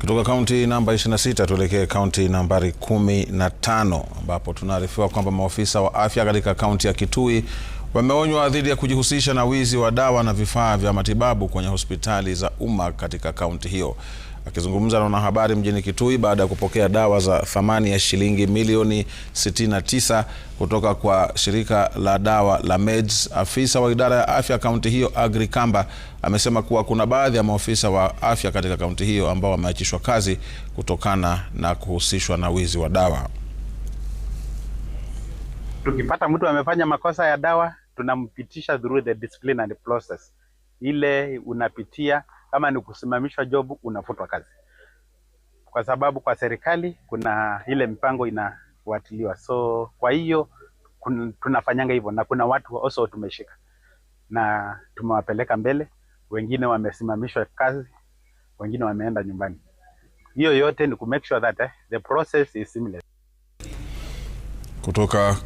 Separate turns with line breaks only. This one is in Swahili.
Kutoka kaunti namba 26 tuelekee kaunti nambari 15 ambapo tunaarifiwa kwamba maofisa wa afya katika kaunti ya Kitui wameonywa dhidi ya kujihusisha na wizi wa dawa na vifaa vya matibabu kwenye hospitali za umma katika kaunti hiyo. Akizungumza na wanahabari mjini Kitui baada ya kupokea dawa za thamani ya shilingi milioni 69 kutoka kwa shirika la dawa la Meds, afisa wa idara ya afya kaunti hiyo Agri Kamba amesema kuwa kuna baadhi ya maofisa wa afya katika kaunti hiyo ambao wameachishwa kazi kutokana na kuhusishwa na wizi wa dawa.
Tukipata mtu amefanya makosa ya dawa, tunampitisha through the disciplinary process ile unapitia, kama ni kusimamishwa job, unafutwa kazi, kwa sababu kwa serikali kuna ile mpango inafuatiliwa. So kwa hiyo tunafanyanga hivyo, na kuna watu also tumeshika na tumewapeleka mbele, wengine wamesimamishwa kazi, wengine wameenda nyumbani. Hiyo yote ni ku make sure that eh, the process is seamless. Kutoka